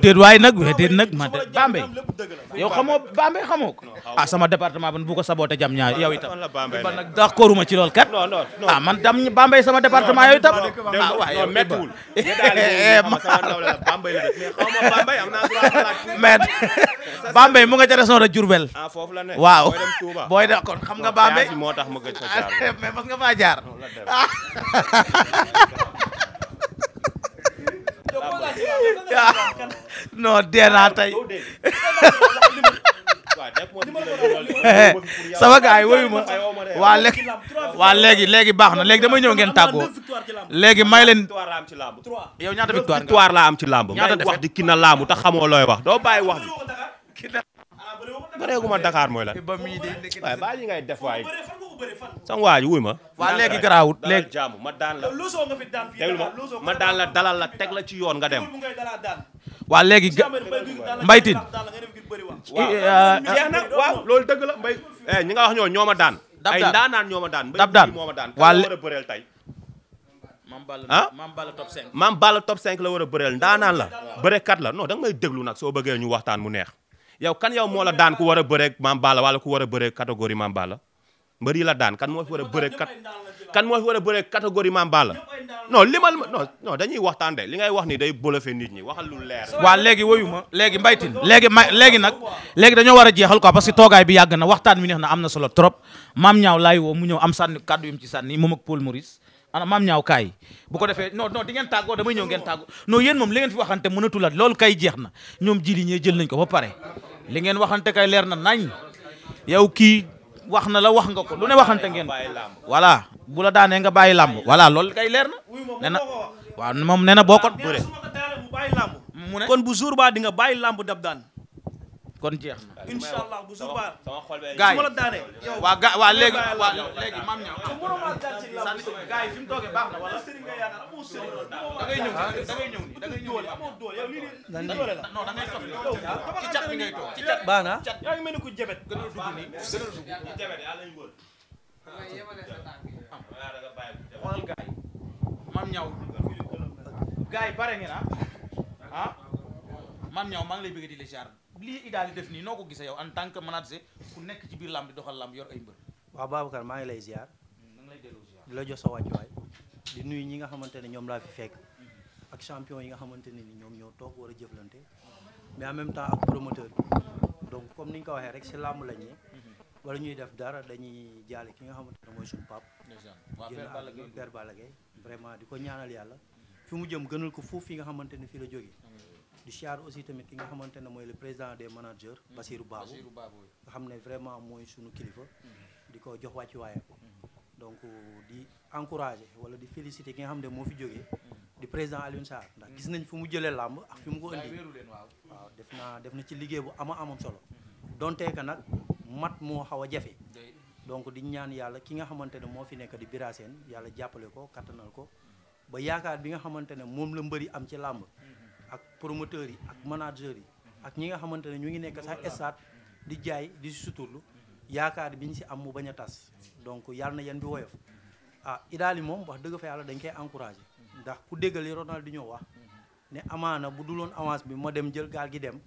déet waaye nag déet nag ma de Bambey yow xamoo Bambey xamoo ko ah sama département bu ko saboté côté jam ñaar yow itam man nag d'accorduma ci loolu kat ah man dam Bambey sama département yow itam ah waaw méttiwul [LAUGHS] mais Bambey mu nga ca région de Diourbel ah, waaw booy de kon xam nga Bambey ah, [LAUGHS] mais mas nga faa jaar non ah. [LAUGHS] dee naa tey sama gaay woyu ma waa léegi waa léegi baax na léegi damay ñëw ngeen tàggoo léegi may leen yow ñaata victoire la am ci làmb ñaata wax di kii na laamu te xamoo looy wax doo bàyyi wax bi bëreegu ma Dakar mooy lan. waaye baa yi ngay def waay. sama waa ji wuy ma. waaw léegi garaawut léegi jaamu ma daan la. déglu ma ma daan la dalal la teg la ci yoon nga dem. waa léegi ga Mbaye Tine. Eh, eh, eh, waaw loolu dëgg la Mbaye. ñi nga wax ñoo ñoo ma daan. dab daan ay ndaanaan ñoo ma daan. dab daan waa léegi war a bëreel tey. ah maam Balla top 5. maam Balla top 5 la war a bëreel ndaanaan la. bërekat la non danga may déglu nag soo bëggee ñu waxtaan mu neex. yow kan yow moo la daan ku war a bëreeg Mame wala ku war a bëreeg catégorie Mame Balla la daan kan moo fi war kat kan moo fi war a bëreeg catégorie Mame Balla non limal non non dañuy waxtaan de li ngay wax ni day bolofe nit ñi waxal lu leer. waa léegi woyu ma léegi mbaytin léegi ma léegi nag léegi dañoo war a jeexal quoi parce que toogaay bi yàgg na waxtaan mi neex na am na solo trop maam ñaaw laay woo mu ñëw am sànni kàddu ci sànni moom ak Paul Maurice ana maam ñaaw kaay bu ko defee non non di ngeen tàggoo damay ñëw ngeen tàggoo non yéen moom waxante mënatulaat loolu kay jeex na ñoom ji li ñee jël nañ ko ba pare li ngeen waxante kay leer na nañ yow kii wax na la wax nga ko lu ne waxante ngeen voilà bu la daanee nga bàyyi lamb voilà lool kay leer na nee na waaw moom nee na boo ko mu ne kon bu jour baa di nga bàyyi làmb dab daan kon jeex na. incha allah bu subaa. gars yi waa ga waa léegi waa léegi maam ñaaw. gars yi fi mu toogee baax na wala. ci cat bi ngay toog ci baax na a dugg nii gën a yi maam ñaaw gars yi ah? lay bëgg di la lii idaali def nii noo ko gisee yow en tant que manager ku nekk ci biir làmb di doxal làmb yor ay mbër. waaw Babacar maa ngi lay ziar. Mm, na nga lay delloo ziar di la jox sa wàccuwaay. di nuyu ñi nga xamante ne ñoom laa fi fekk. Mm-hmm. ak champion yi nga xamante ne ni ñoom ñoo toog war a jëflante. mais en même temps ak promoteur bi. donc comme ni ñu ko waxee rek si làmb lañ ne. Mm-hmm. wala ñuy def dara dañuy jaale ki nga xamante ne mooy suñu pap génn Père Balla Gaye mm-hmm. di ko ñaanal yàlla. fi mu jëm gënal ko foofu fi nga xamante ne fii la jógee. du siyaar aussi tamit ki nga xamante ne mooy le président des managers mm-hmm. Basirou Babou nga xam ne vraiment mooy sunu kilifa mm-hmm. di ko jox wàcc waayam mm-hmm. donc di encourager wala di féliciter ki nga xam ne moo fi jógee di président Alioune Sarr ndax gis nañ fi mu jëlee làmb ak fi mu ko indi waaw def naa def na ci liggéey bu ama amam solo donte que nag mat moo xaw a jafe donc di ñaan yàlla ki nga xamante ne moo fi nekk di Bira Sène yàlla jàppale ko kattanal ko ba yaakaar bi nga xamante ne moom la mbëri am ci làmb ak promoteurs yi ak managers yi ak ñi nga xamante ne ñu ngi nekk sax stade di jaay di suturlu yaakaar bi ñu si am mu bañ a tas donc yàlla na yéen bi woyof ah Idaly moom wax dëgg fa yàlla dañ koy encouragé ndax ku déggal di Ronaldinho wax ne amaana bu duloon avance bi ma dem jël gaal gi dem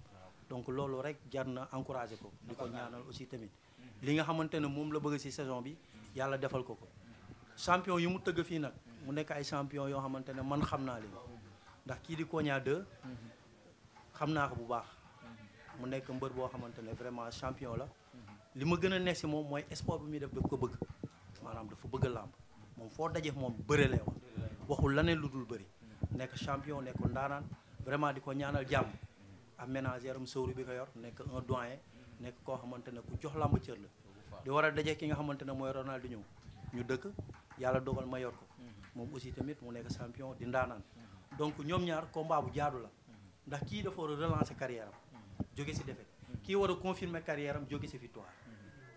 donc loolu rek jar na encouragé ko di ko ñaanal aussi tamit li nga xamante ne moom la bëgg si saison bi yàlla defal ko ko champion yi mu tëgg fii nag mu nekk ay champion yoo xamante ne man xam naa leen ndax kii di Konia 2 mhm. xam naa ko bu baax mhm. mu nekk mbër boo xamante ne vraiment champion la mhm. li ma gën a nekk si moom mooy sport bi muy def daf ko bëgg maanaam dafa bëgg a làmb moom foo dajee moom bëre lay wax waxul leneen lu dul bëri nekk champion nekk ndaanaan vraiment di ko ñaanal jàmm am ménagère am sëwru bi ko yor nekk un doyen nekk koo xamante ne ku jox làmb cër la di war a daje ki nga xamante ne mooy ñëw ñu dëkk yàlla dogal ma yor ko moom aussi tamit mu nekk champion di ndaanaan donc ñoom ñaar combat bu jaadu la ndax kii dafa war a relancer carrière jóge si défaite kii war a confirmer carrière am jóge si victoire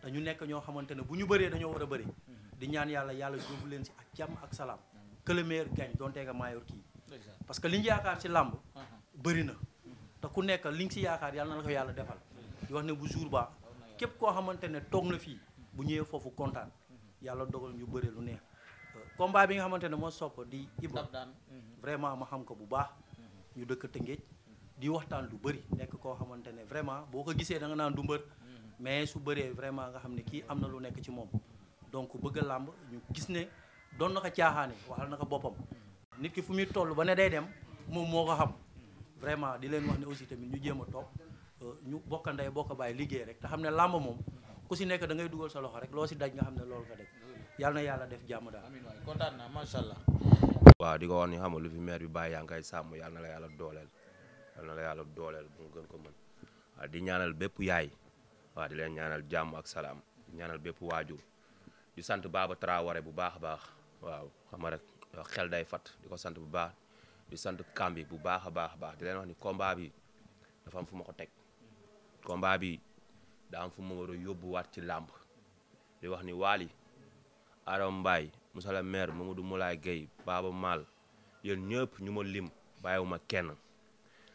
te ñu nekk ñoo xamante ne bu ñu bëree dañoo war a bëri di ñaan yàlla yàlla yóbbu leen si ak jàmm ak salaam que le meilleur gagne nga maayor kii parce que li yaakaar si làmb bëri na te ku nekk liñ nga si yaakaar yàlla na la ko yàlla defal di wax ne bu jour ba képp koo xamante ne toog na fii bu ñëwee foofu kontaan yàlla dogal ñu bëri lu neex combat bi nga xamante ne moo sopp di Ibra mhm. vraiment ma xam ko bu baax mhm. ñu dëkk Tëngéej mhm. di waxtaan lu bëri nekk koo xamante ne vraiment boo ko gisee da nga naan du mbër mais su bëree vraiment nga xam ne kii am na lu nekk ci moom donc bëgg làmb ñu gis ne doon na ko caaxaane waxal na ko boppam nit ki fu muy tollu ba ne day dem moom moo ko xam vraiment di leen wax ne aussi tamit ñu jéem a toog euh, ñu bokk ndey bokk bàyyi liggéey rek te xam ne làmb moom ku si nekk da ngay dugal sa loxo rek loo si daj nga xam ne loolu nga daj yal na yàlla def jàmm daal. amiin waay allah. waaw di ko wax ni xam nga lu fi maire bi bàyyi yaa ngi koy sàmm yal na la yàlla dooleel yal na la yàlla dooleel bu nga ko mën di ñaanal bépp yaay waaw di leen ñaanal jàmm ak salaam di ñaanal bépp waajur di sant Baba Traoré bu baax a baax waaw xam rek xel day fat di ko sant bu baax di sant Kambi bu baax a baax a baax di leen wax ni combat bi dafa am fu ma ko teg combat bi daa am fu ma war a yóbbuwaat ci làmb di wax ni waali Adam Mbaye Moussa la maire Mamadou Moulay géey Baba Mal yéen ñëpp ñu ma lim bàyyiwuma kenn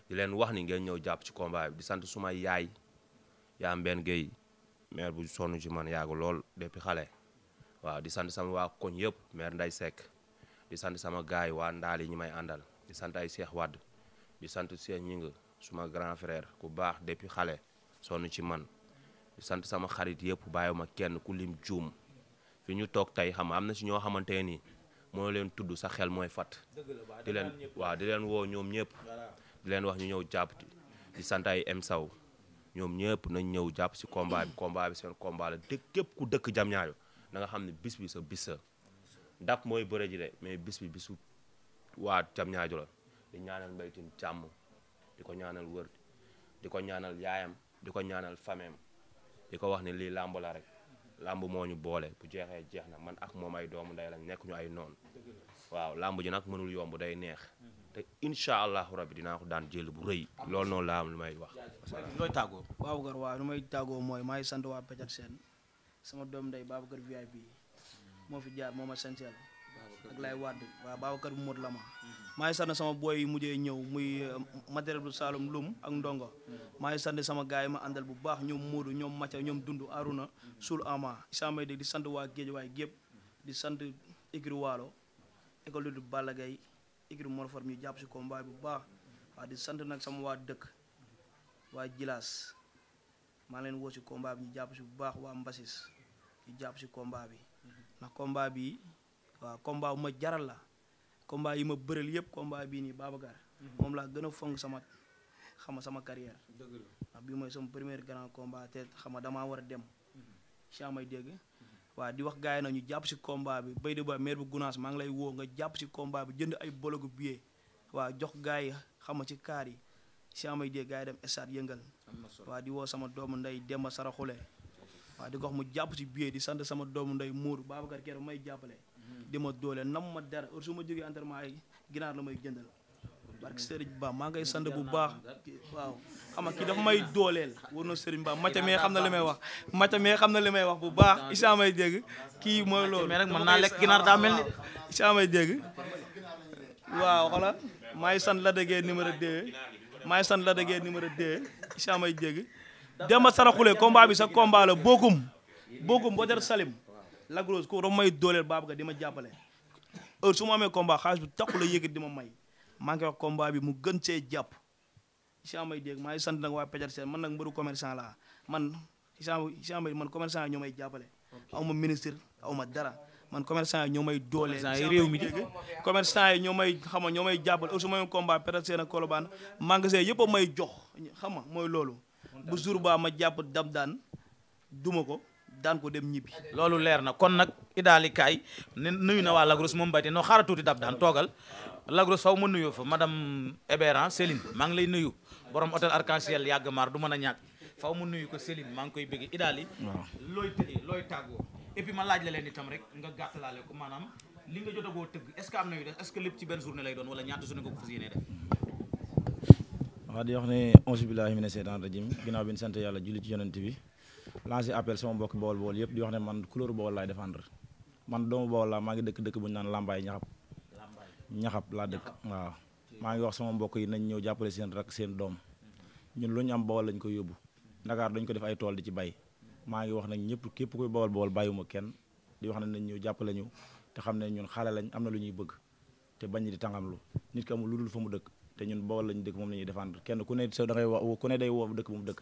di leen wax ni ngeen ñëw jàpp ci combat bi di sant suma yaay yaa Mbène Guèye maire bu sonn ci man yaagu lool depuis xale waaw di sant sama waa koñ yëpp maire Nday Seck di sant sama gaay waa ndaal yi ñu may àndal di sant ay seex Wade di sant Cheikh Ñing suma grand frère ku baax depuis xale sonn ci man di sant sama xarit yëpp bàyyiwuma kenn ku lim juum fi ñu toog tey xam am na si ñoo xamante nii moo leen tudd sax xel mooy fat di leen waaw di leen woo ñoom ñëpp di leen wax ñu ñëw jàpp di sant ay M Sow ñoom ñëpp nañ ñëw jàpp si combat bi combat bi seen combat la te képp ku dëkk jam ñaajo na xam ne bis bi sa bis sa dap mooy bëre ji de mais bis bi bisu waa jam ñaajo la di ñaanal mbaytin jàmm di ko ñaanal wër di ko ñaanal yaayam di ko ñaanal fameem di ko wax ne lii làmbala rek làmb moo ñu boole bu jeexee jeex na man ak moom ay doomu nday lañ nekk ñu ay noonu waaw làmb ji nag mënul yomb day neex te incha allahu rabi dinaa ko daan jël bu rëy lool noonu laa lu may wax. looy tàggoo. waaw lu may tàggoo mooy maay sant waa Peter Sène sama doom ndey Babacar VIP moo fi jaar moo ma sant ak lay wàdd waaw Babacar bu la ma. Hmm. maa ngi sant sama booy mujjee ñëw muy eh, matériel bu saalum lum ak Ndongo maa ngi sant sama gars yi ma àndal bu baax ñoom Modou ñoom Mathia ñoom dund Aruna Soul Ama isa may dégg di sant waa géej waay gépp di sant écurie Waalo école du Balla Gaye écurie jàpp si combat bu baax waaw di sant nag sama waa dëkk waa Jilaas maa leen woo si combat bi ñu jàpp si bu baax waa Mbasis ñu jàpp si combat bi ndax combat bi waaw combat bu ma jaral la combat yi ma bëreel yëpp komba bii nii Babacar. Mhm. moom laa gën a fonk sama xama sama carrière. dëgg la bi mooy sama premier grand combat te xama damaa war a dem. si mhm. may dégg. Mhm. waa di wax gaa yi nag jàpp si combat bi ba maire bu Gunaas maa ngi lay woo nga jàpp si combat bi jënd ay bologu billet waaw jox gars yi xama ci kaar yi si amay dégg gars yi dem stade yëngal. waaw di woo sama doomu ndey Demba Saraxule. waaw di ko mu jàpp si billet di sant sama doomu ndey Mour Babacar Kër may jàppale. di ma doole nam ma dara heure su ma jógee entraînement ay ginaar la may jëndal barke Serigne Ba maa ngay sant bu baax waaw xam kii dafa may dooleel war na Serigne Ba maca mee xam na li may wax maca mee xam na li may wax bu baax isa may dégg kii mooy loolu naa lekk ginaar daa mel ni isa may dégg waaw xoola maa ngi sant la déggee numéro 2 maa ngi sant la déggee numéro may dégg Demba Saraxule combat bi sa combat la bokkum bokkum boo Salim Lac Rose ko dafa may dooleel Babacar di ma jàppale heure ma amee combat xaalis bi la yëkkati di ma may maa ngi wax combat bi mu gën see jàpp Issa Mbaye dégg maa ngi sant nag waa Pédar Sène man nag mbëru commerçant laa man Issa Issa Mbaye man commerçant yi ñoo may jàppale aw ma ministre aw ma dara man commerçant yi ñoo may dooleel réew mi dégg commerçant yi ñoo may xam nga ñoo may jàppale heure su ma amee combat Pédar Sène ak Colobane magasin yëpp a may jox xam nga mooy loolu bu jour ba ma jàpp dab daan duma ko daan ko dem ñibbi loolu leer na kon nag idaali kaay nuyu na waa Lagros moom bayte noo xaara tuuti dab daan toogal Lagros faw ma nuyoo fa madame Ebéran Céline maa ngi lay nuyu borom hôtel arc yàgg maar du mën a ñàkk faw ma nuyu ko Céline maa ngi koy bëgg idaali looy tëjee looy tàggoo et puis ma laaj la leen itam rek nga laale ko maanaam li nga jotagoo tëgg est-ce que am na yu des est-ce que lépp ci benn journée lay doon wala ñaata journée nga ko fas yéenee def waaw di wax ne auzu sant yàlla julli ci yonent bi lancé appel sama mbokki Bawol Bawol yëpp di wax ne man couleur Bawol laay défendre man doomu Bawol laa maa ngi dëkk dëkk bu ñu naan Lambaay ñaxab ñaxab laa dëkk waaw maa ngi wax sama mbokk yi nañ ñëw jàppale seen rak seen doom ñun lu ñu am Bawol lañ ko yóbbu Dakar dañ ko def ay tool di ci bay maa ngi wax nag ñëpp képp koy Bawol Bawol ma kenn di wax ne nañ ñëw jàppale ñu te xam ne ñun xale lañ am na lu ñuy bëgg te bañ di tàngamlu nit ki amul lu dul fa mu dëkk te ñun Bawol lañ dëkk moom la ñuy défendre kenn ku ne sa da ngay wax ne day woo dëkk bu dëkk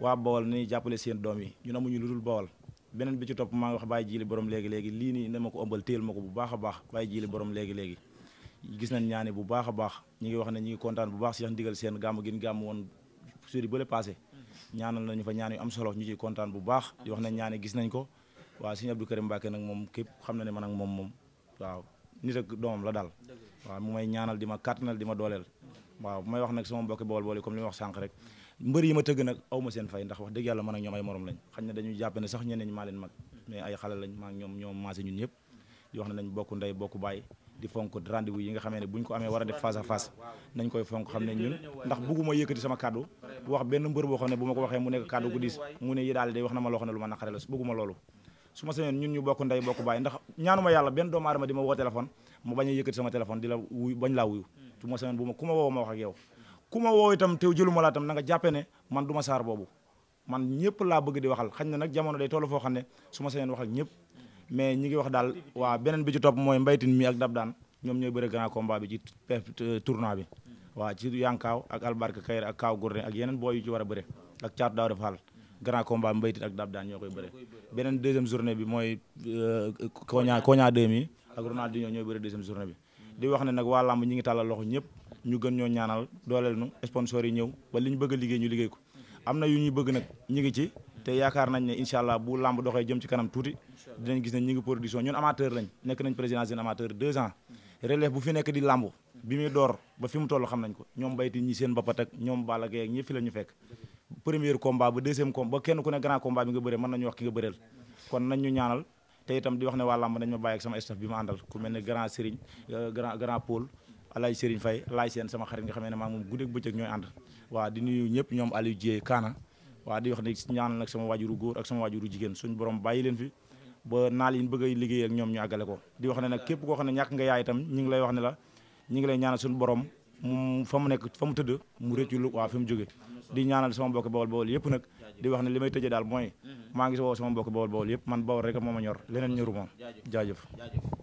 waa Bawol nañuy jàppale seen doom yi ñu mu ñu lu dul Bawol beneen bi ci topp maa ngi wax bàyyi jiili borom léegi-léegi lii nii na ma ko ëmbal téel ma ko bu baax a baax bàyyi jiili borom léegi-léegi gis nañ ñaani bu baax a baax ñi ngi wax ne ñi ngi kontaan bu baax Cheikh Ndigal seen gàmm gin gàmm woon sori bële passé ñaanal nañu fa ñaan am solo ñu ciy kontaan bu baax wax nañ ñaani gis nañ ko waa Serigne Abdou Karim Mbacké nag moom képp xam na ne man ak moom moom waaw nit ak doomam la daal waaw mu may ñaanal di ma kàttanal di ma dooleel waaw bu may wax nag sama mbokki Bawol Bawol yi comme li ma wax sànq rek mbër yi ma tëgg nag aw ma seen fay ndax wax dëgg yàlla man ak ñoom ay morom lañ xañ na dañuy jàpp sax ñeneen maa leen mag mais ay di wax a def face à face nañ koy fonk xam ne boo xam wax na ma loo xam ne lu ma naqare la bugguma loolu su ma sañoon ñun ñu bokk ndey bokk baay ndax ñaanuma yàlla benn doomu aadama di ma woo téléphone mu bañ a yëkkati sama téléphone di la wuyu bañ laa wuyu su ma sañoon bu ku ma woo ma wax ak yow ku ma woo itam te jëluma laa itam na nga jàppe ne man du ma saar boobu man ñëpp laa bëgg di waxal xañ na nag jamono day toll foo xam ne su ma sañoon wax ak ñëpp mais ñi ngi wax daal waa beneen bi ci topp mooy mbaytin mi ak dab daan ñoom ñooy bëre grand combat bi ci euh, tournoi bi waaw ci yankaaw ak albarka kayre ak yu ci war a bëre ak caatu daaw defal grand combat bi mbaytin ñoo koy bëre beneen deuxième journée bi mooy euh, koña koña demi ak Ronaldinho ñooy bëre deuxième journée bi di wax ne nag waa làmb ñi ngi tàllal loxo ñëpp ñu gën ñoo ñaanal dooleel nu sponsor yi ñëw ba li ñu bëgg liggéey ñu liggéey ko am na yu ñuy bëgg nag ñu ngi ci te yaakaar nañ ne incha allah bu làmb doxee jëm ci kanam tuuti dinañ gis ne ñu ngi production ñun amateur lañ nekk nañ présidence d'une amateur deux ans relève bu fi nekk di làmb bi muy door ba fi mu toll xam nañ ko ñoom bayti ñi seen bappat ak ñoom Balla Gaye ak ñëpp fi la ñu fekk premier combat ba deuxième combat ba kenn ku ne grand combat bi nga bëree mën nañu wax ki nga bëreel di wax ne waa làmb nañ ma bàyyi ak sama staff bi ma àndal ku mel ne alaaj Serigne Faye alaaj seen sama xarit nga xamee ne maa moom guddeeg bëccëg ñooy ànd waa di nuyu ñëpp ñoom Aliou Dieye Kaana waa di wax ne ñaan nag sama waajuru góor ak sama waajuru jigéen suñ borom bàyyi leen fi ba naal yin bëgg a liggéey ak ñoom ñu àggale ko di wax ne nag képp koo xam ne ñàkk nga yaay itam ñu ngi lay wax ne la ñu ngi lay ñaanal suñu borom mu fa mu nekk fa mu tëdd mu lu waa fi mu jóge di ñaanal sama mbokk bawol bawol yëpp nag di wax ne li may tëjee daal mooy maa ngi woo sama mbokk bawol bawol yëpp man bawol rek moo ma ñor leneen ñoruma jaajëf